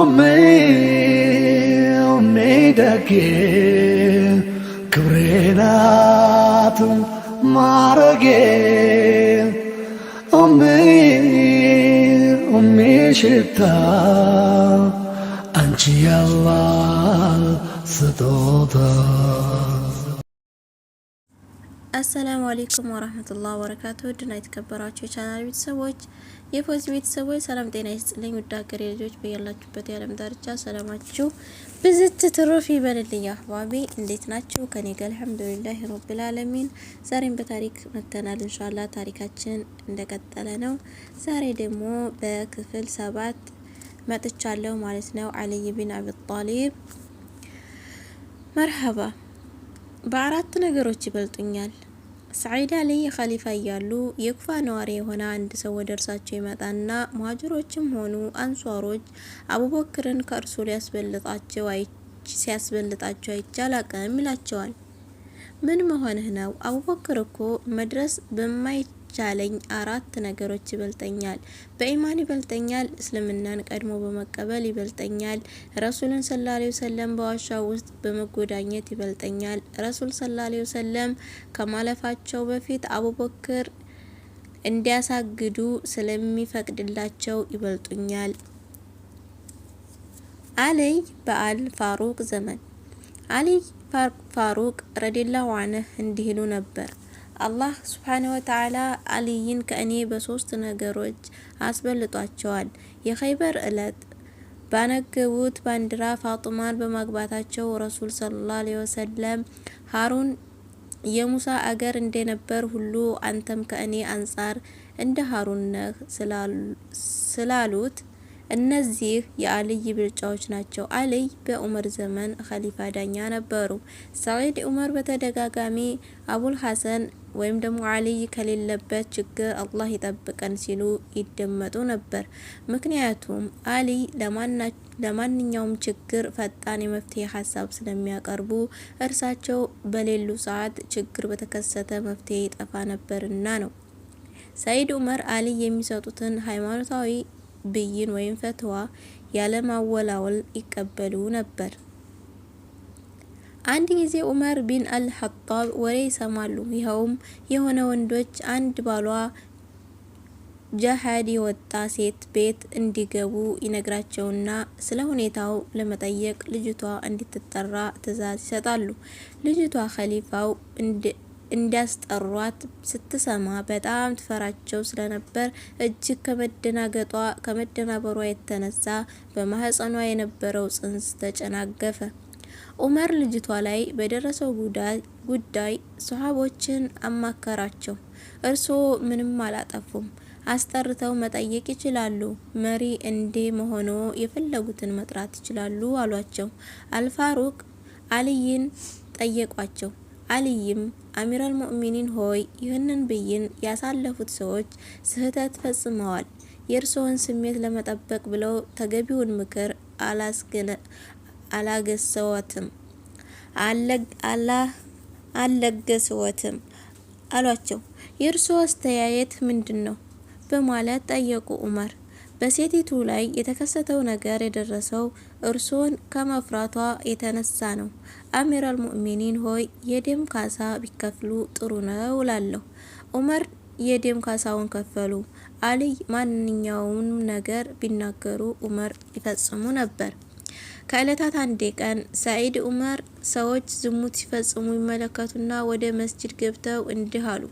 O meu meio que crenato marge o meu o meu chita ante Allah se todo አሰላሙ አሌይኩም ወራህመቱላህ ወበረካቱ ድና የተከበራችሁ የቻናል ቤተሰቦች የፎዚ ቤተሰቦች ሰላም ጤና ይስጥልኝ። ውድ ሀገሬ ልጆች በያላችሁበት የዓለም ዳርቻ ሰላማችሁ ብዝት ትሩፍ ይበልልኝ። አህባቢ እንዴት ናችሁ? ከኔ ጋር አልሐምዱሊላህ ረብል አለሚን። ዛሬም በታሪክ መጥተናል። እንሻላ ታሪካችን እንደቀጠለ ነው። ዛሬ ደግሞ በክፍል ሰባት መጥቻለሁ ማለት ነው። አልይ ብን አቢ ጣሊብ መርሀባ በአራት ነገሮች ይበልጡኛል ሰዓዳ ላይ ኸሊፋ እያሉ የኩፋ ነዋሪ የሆነ አንድ ሰው ወደ እርሳቸው ይመጣና ሙሀጅሮችም ሆኑ አንሷሮች አቡበክርን ከእርሱ ሲያስበልጣቸው አይቻል አቅም ይላቸዋል። ምን መሆንህ ነው? አቡበክር እኮ መድረስ በማይ ቻለኝ አራት ነገሮች ይበልጠኛል። በኢማን ይበልጠኛል፣ እስልምናን ቀድሞ በመቀበል ይበልጠኛል፣ ረሱልን ሰለላሁ ዐለይሂ ወሰለም በዋሻው ውስጥ በመጎዳኘት ይበልጠኛል፣ ረሱል ሰለላሁ ዐለይሂ ወሰለም ከማለፋቸው በፊት አቡበክር እንዲያሳግዱ ስለሚፈቅድላቸው ይበልጡኛል። አልይ በአል ፋሩቅ ዘመን አልይ ፋሩቅ ረዲላሁ አንህ እንዲህ ይሉ ነበር። አላህ ሱብሓነሁ ወተዓላ አልይን ከእኔ በሶስት ነገሮች አስበልጧቸዋል። የኸይበር ዕለት ባነገቡት ባንዲራ ፋጡማን በማግባታቸው፣ ረሱል ሰለላሁ ዐለይሂ ወሰለም ሀሩን የሙሳ አገር እንደነበር ሁሉ አንተም ከእኔ አንጻር እንደ ሀሩን ነህ ስላሉት እነዚህ የአልይ ብልጫዎች ናቸው። አልይ በኡመር ዘመን ኸሊፋ ዳኛ ነበሩ። ሰዒድ ኡመር በተደጋጋሚ አቡል ሀሰን ወይም ደግሞ አልይ ከሌለበት ችግር አላህ ይጠብቀን ሲሉ ይደመጡ ነበር። ምክንያቱም አልይ ለማንኛውም ችግር ፈጣን የመፍትሄ ሀሳብ ስለሚያቀርቡ እርሳቸው በሌሉ ሰዓት ችግር በተከሰተ መፍትሄ ይጠፋ ነበርና ነው። ሰዒድ ዑመር አልይ የሚሰጡትን ሃይማኖታዊ ብይን ወይም ፈትዋ ያለማወላወል ይቀበሉ ነበር። አንድ ጊዜ ዑመር ቢን አልሐጣብ ወሬ ይሰማሉ። ይኸውም የሆነ ወንዶች አንድ ባሏ ጃሃድ የወጣ ሴት ቤት እንዲገቡ ይነግራቸውና ስለ ሁኔታው ለመጠየቅ ልጅቷ እንድትጠራ ትዕዛዝ ይሰጣሉ። ልጅቷ ኸሊፋው እንዲያስጠሯት ስትሰማ በጣም ትፈራቸው ስለነበር እጅግ ከመደናገጧ ከመደናበሯ የተነሳ በማህፀኗ የነበረው ጽንስ ተጨናገፈ። ኡመር ልጅቷ ላይ በደረሰው ጉዳይ ሶሐቦችን አማከራቸው። እርስዎ ምንም አላጠፉም፣ አስጠርተው መጠየቅ ይችላሉ። መሪ እንዴ መሆኖ የፈለጉትን መጥራት ይችላሉ አሏቸው። አልፋሩቅ አልይን ጠየቋቸው። አልይም አሚራል ሙእሚኒን ሆይ ይህንን ብይን ያሳለፉት ሰዎች ስህተት ፈጽመዋል። የእርስዎን ስሜት ለመጠበቅ ብለው ተገቢውን ምክር አላገሰዎትም አልለገሰዎትም አሏቸው። የእርስዎ አስተያየት ምንድን ነው? በማለት ጠየቁ ዑመር በሴቲቱ ላይ የተከሰተው ነገር የደረሰው እርሶን ከመፍራቷ የተነሳ ነው። አሚራል ሙእሚኒን ሆይ የደም ካሳ ቢከፍሉ ጥሩ ነው እላለሁ። ዑመር የደም ካሳውን ከፈሉ። አልይ ማንኛውም ነገር ቢናገሩ ዑመር ይፈጽሙ ነበር። ከዕለታት አንዴ ቀን ሰዒድ ዑመር ሰዎች ዝሙት ሲፈጽሙ ይመለከቱና ወደ መስጂድ ገብተው እንዲህ አሉ።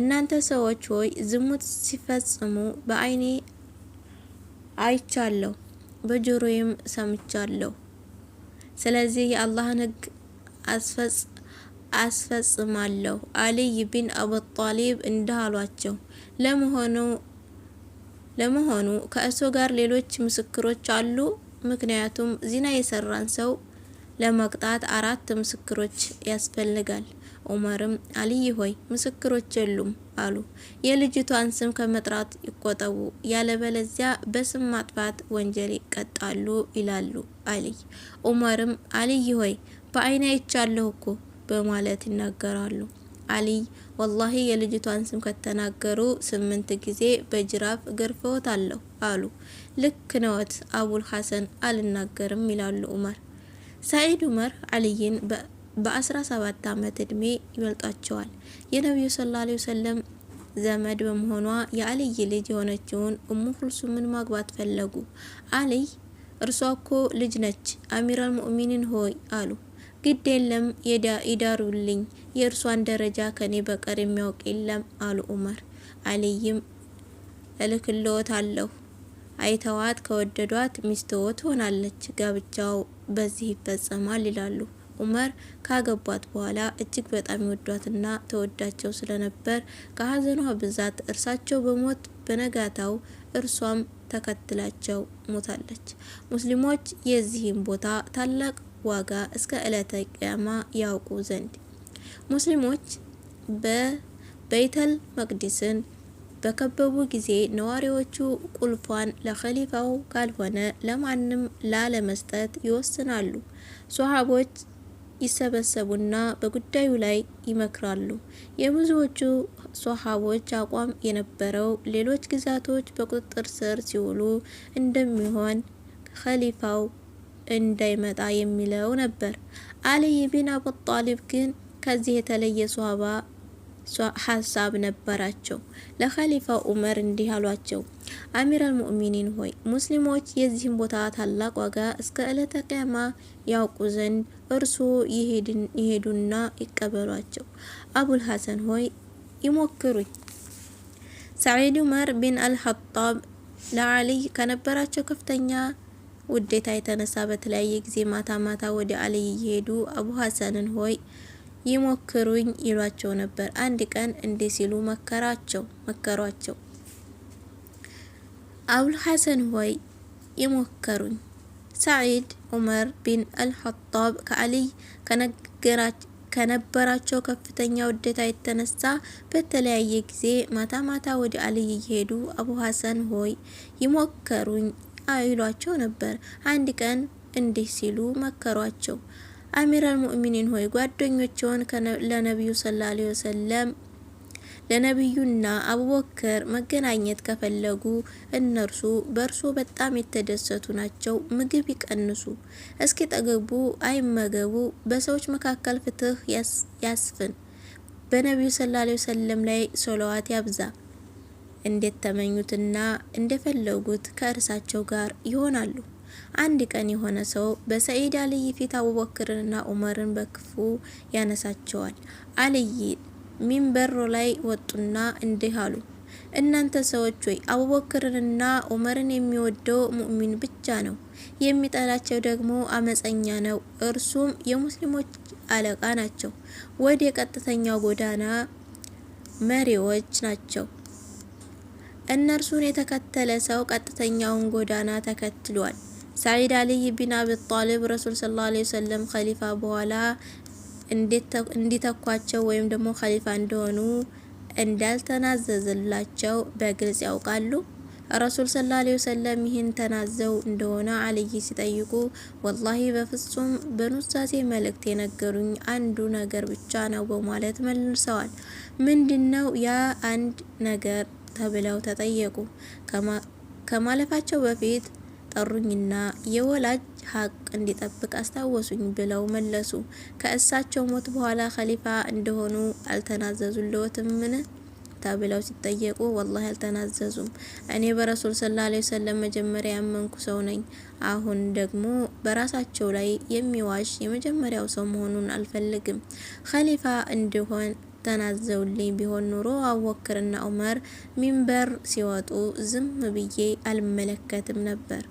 እናንተ ሰዎች ሆይ ዝሙት ሲፈጽሙ በአይኔ አይቻለሁ፣ በጆሮዬም ሰምቻለሁ። ስለዚህ የአላህን ህግ አስፈጽማለሁ። አልይ ቢን አቡ ጣሊብ እንዳሏቸው። ለመሆኑ ከእሱ ጋር ሌሎች ምስክሮች አሉ? ምክንያቱም ዚና የሰራን ሰው ለመቅጣት አራት ምስክሮች ያስፈልጋል። ዑመርም አልይ ሆይ ምስክሮች የሉም አሉ። የልጅቷን ስም ከመጥራት ይቆጠቡ፣ ያለበለዚያ በስም ማጥፋት ወንጀል ይቀጣሉ ይላሉ አልይ። ኡመርም አልይ ሆይ በአይኔ አይቻለሁ እኮ በማለት ይናገራሉ። አልይ ወላሂ የልጅቷን ስም ከተናገሩ ስምንት ጊዜ በጅራፍ አለሁ አሉ። ልክ ነዎት አቡል ሀሰን፣ አልናገርም ይላሉ ኡመር። ሳይድ ኡመር አልይን በ17 ዓመት ዕድሜ ይበልጧቸዋል። የነቢዩ ሰለላሁ ዐለይሂ ወሰለም ዘመድ በመሆኗ የአልይ ልጅ የሆነችውን ኡሙ ኩልሱምን ማግባት ፈለጉ። አልይ እርሷ እኮ ልጅ ነች፣ አሚራል ሙእሚኒን ሆይ አሉ። ግድ የለም ይዳሩልኝ፣ የእርሷን ደረጃ ከኔ በቀር የሚያውቅ የለም አሉ ኡመር። አልይም እልክልዎት አለሁ፣ አይተዋት ከወደዷት ሚስትዎ ትሆናለች፣ ጋብቻው በዚህ ይፈጸማል ይላሉ። ኡመር ካገቧት በኋላ እጅግ በጣም ይወዷትና ተወዳቸው ስለነበር ከሀዘኗ ብዛት እርሳቸው በሞት በነጋታው እርሷም ተከትላቸው ሞታለች። ሙስሊሞች የዚህም ቦታ ታላቅ ዋጋ እስከ ዕለተ ቅያማ ያውቁ ዘንድ ሙስሊሞች በበይተል መቅዲስን በከበቡ ጊዜ ነዋሪዎቹ ቁልፏን ለኸሊፋው ካልሆነ ለማንም ላለመስጠት ይወስናሉ። ሶሃቦች ይሰበሰቡና በጉዳዩ ላይ ይመክራሉ። የብዙዎቹ ሶሃቦች አቋም የነበረው ሌሎች ግዛቶች በቁጥጥር ስር ሲውሉ እንደሚሆን ኸሊፋው እንዳይመጣ የሚለው ነበር። አልይ ቢን አቡ ጣሊብ ግን ከዚህ የተለየ ሶሃባ ሀሳብ ነበራቸው። ለኸሊፋ ዑመር እንዲህ አሏቸው፣ አሚራል ሙእሚኒን ሆይ ሙስሊሞች የዚህን ቦታ ታላቅ ዋጋ እስከ ዕለተ ቅያማ ያውቁ ዘንድ እርስዎ ይሄዱና ይቀበሏቸው። አቡል ሀሰን ሆይ ይሞክሩኝ። ሰዒድ ዑመር ቢን አልሀጣብ ለአልይ ከነበራቸው ከፍተኛ ውዴታ የተነሳ በተለያየ ጊዜ ማታ ማታ ወደ አልይ እየሄዱ አቡ ሀሰንን ሆይ ይሞክሩኝ ይሏቸው ነበር። አንድ ቀን እንዲህ ሲሉ መከራቸው መከሯቸው። አቡል ሀሰን ሆይ ይሞከሩኝ ሰዒድ ዑመር ቢን አልኸጣብ ከአልይ ከነበራቸው ከፍተኛ ውዴታ የተነሳ በተለያየ ጊዜ ማታ ማታ ወደ አልይ እየሄዱ አቡ ሀሰን ሆይ ይሞከሩኝ አይሏቸው ነበር። አንድ ቀን እንዲህ ሲሉ መከሯቸው። አሚራል ሙእሚኒን ሆይ ጓደኞችዎን ለነቢዩ ሰለላሁ ዐለይሂ ወሰለም ለነቢዩና አቡበክር መገናኘት ከፈለጉ እነርሱ በእርሱ በጣም የተደሰቱ ናቸው። ምግብ ይቀንሱ፣ እስኪ ጠገቡ አይመገቡ። በሰዎች መካከል ፍትህ ያስፍን፣ በነቢዩ ሰለላሁ ዐለይሂ ወሰለም ላይ ሶለዋት ያብዛ። እንዴት ተመኙትና እንደፈለጉት ከእርሳቸው ጋር ይሆናሉ። አንድ ቀን የሆነ ሰው በሰኢድ አልይ ፊት አቡበክርንና ዑመርን በክፉ ያነሳቸዋል። አልይ ሚንበሩ ላይ ወጡና እንዲህ አሉ። እናንተ ሰዎች ሆይ አቡበክርንና ዑመርን የሚወደው ሙእሚን ብቻ ነው፣ የሚጠላቸው ደግሞ አመፀኛ ነው። እርሱም የሙስሊሞች አለቃ ናቸው፣ ወደ ቀጥተኛው ጎዳና መሪዎች ናቸው። እነርሱን የተከተለ ሰው ቀጥተኛውን ጎዳና ተከትሏል። ሰዒድ አልይ ቢን አቢ ጣሊብ ረሱል ሰለላሁ ዐለይሂ ወሰለም ኸሊፋ በኋላ እንዲተኳቸው ወይም ደግሞ ኸሊፋ እንደሆኑ እንዳልተናዘዘላቸው በግልጽ ያውቃሉ። ረሱል ሰለላሁ ዐለይሂ ወሰለም ይህን ተናዘው እንደሆነ አልይ ሲጠይቁ ወላሂ በፍጹም በኑሳሴ መልእክት የነገሩኝ አንዱ ነገር ብቻ ነው በማለት መልሰዋል። ምንድነው ያ አንድ ነገር ተብለው ተጠየቁ። ከማለፋቸው በፊት ጠሩኝና የወላጅ ሀቅ እንዲጠብቅ አስታወሱኝ ብለው መለሱ። ከእሳቸው ሞት በኋላ ኸሊፋ እንደሆኑ ምን ተብለው ሲጠየቁ ወላሂ አልተናዘዙም። እኔ በረሱል ሰለላሁ ዐለይሂ ወሰለም መጀመሪያ ያመንኩ ሰው ነኝ። አሁን ደግሞ በራሳቸው ላይ የሚዋሽ የመጀመሪያው ሰው መሆኑን አልፈልግም። ኸሊፋ እንዲሆን ተናዘውልኝ ቢሆን ኑሮ አቡበክርና ዑመር ሚንበር ሲወጡ ዝም ብዬ አልመለከትም ነበር።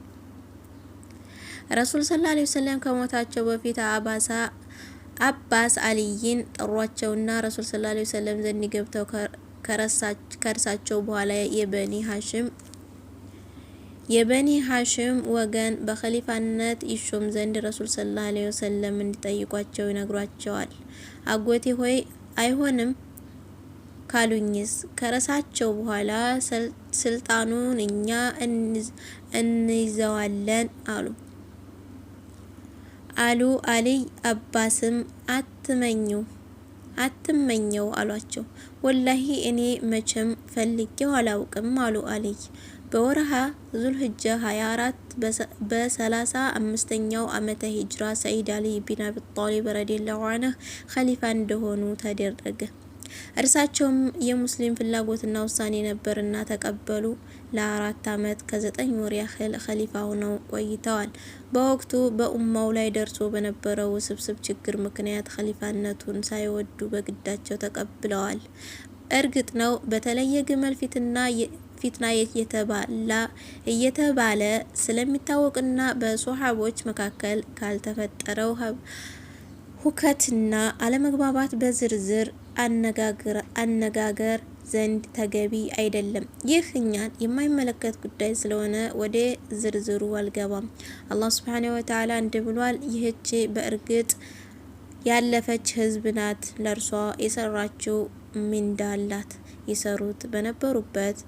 ረሱል ሰለላሁ ዐለይሂ ወሰለም ከሞታቸው በፊት አባሳ አባስ አልይን ጠሯቸውና ረሱል ሰለላሁ ዐለይሂ ወሰለም ዘንድ ገብተው ከእርሳቸው በኋላ የበኒ ሀሽም የበኒ ሀሽም ወገን በኸሊፋነት ይሾም ዘንድ ረሱል ሰለላሁ ዐለይሂ ወሰለም እንዲጠይቋቸው ይነግሯቸዋል። አጎቴ ሆይ አይሆንም ካሉኝስ ከረሳቸው በኋላ ስልጣኑን እኛ እንይዘዋለን አሉ። አሉ አልይ አባስም አትመኙ አትመኘው አሏቸው። ወላሂ እኔ መቼም ፈልጌው አላውቅም አሉ አልይ። በወርሃ ዙልህጃ 24 በሰላሳ አምስተኛው አመተ ሂጅራ ሰይድ አልይ ቢን አቢ ጣሊብ ረዲየላሁ ዐንሁ ኸሊፋ እንደሆኑ ተደረገ። እርሳቸውም የሙስሊም ፍላጎትና ውሳኔ ነበርና ተቀበሉ። ለአራት ዓመት ከዘጠኝ ወር ያህል ኸሊፋ ሆነው ቆይተዋል። በወቅቱ በኡማው ላይ ደርሶ በነበረው ውስብስብ ችግር ምክንያት ኸሊፋነቱን ሳይወዱ በግዳቸው ተቀብለዋል። እርግጥ ነው በተለየ ግመል ፊትና ፊትና የተባላ እየተባለ ስለሚታወቅና በሶሓቦች መካከል ካልተፈጠረው ሁከትና አለመግባባት በዝርዝር አነጋገር ዘንድ ተገቢ አይደለም። ይህ እኛን የማይመለከት ጉዳይ ስለሆነ ወደ ዝርዝሩ አልገባም። አላህ ሱብሓነሁ ወተዓላ እንዲህ ብሏል፣ ይህች በእርግጥ ያለፈች ህዝብ ናት፣ ለእርሷ የሰራችው ምንዳላት፣ ይሰሩት በነበሩበት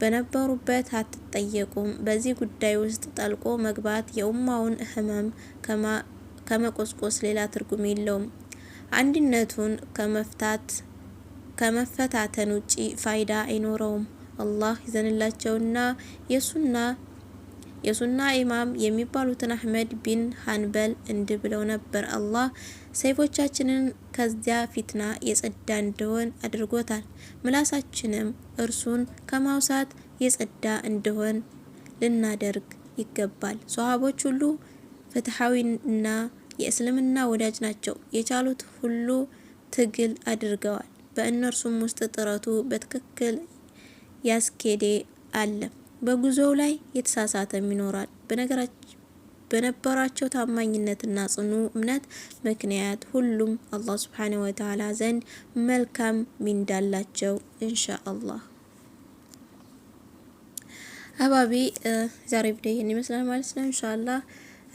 በነበሩበት አትጠየቁም። በዚህ ጉዳይ ውስጥ ጠልቆ መግባት የኡማውን ህመም ከመቆስቆስ ሌላ ትርጉም የለውም። አንድነቱን ከመፍታት ከመፈታተን ውጪ ፋይዳ አይኖረውም። አላህ ይዘንላቸውና የሱና የሱና ኢማም የሚባሉትን አህመድ ቢን ሀንበል እንዲህ ብለው ነበር። አላህ ሰይፎቻችንን ከዚያ ፊትና የጸዳ እንደሆን አድርጎታል። ምላሳችንም እርሱን ከማውሳት የጸዳ እንደሆን ልናደርግ ይገባል። ሶሀቦች ሁሉ ፍትሐዊና የእስልምና ወዳጅ ናቸው። የቻሉት ሁሉ ትግል አድርገዋል። በእነርሱም ውስጥ ጥረቱ በትክክል ያስኬዴ አለ። በጉዞው ላይ የተሳሳተም ይኖራል። በነበራቸው ታማኝነትና ጽኑ እምነት ምክንያት ሁሉም አላህ ሱብሓነሁ ወተዓላ ዘንድ መልካም ሚንዳላቸው እንሻ አላህ። አባቢ ዛሬ ቪዲዮ ይህን ይመስላል ማለት ነው። አላህ።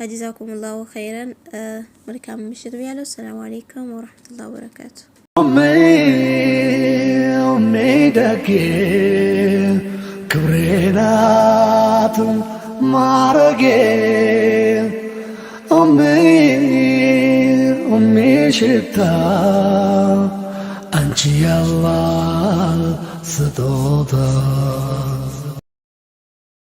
جزاكم الله خيرا آه، ملكام مشير بيالو السلام عليكم ورحمة الله وبركاته أمي أمي دكي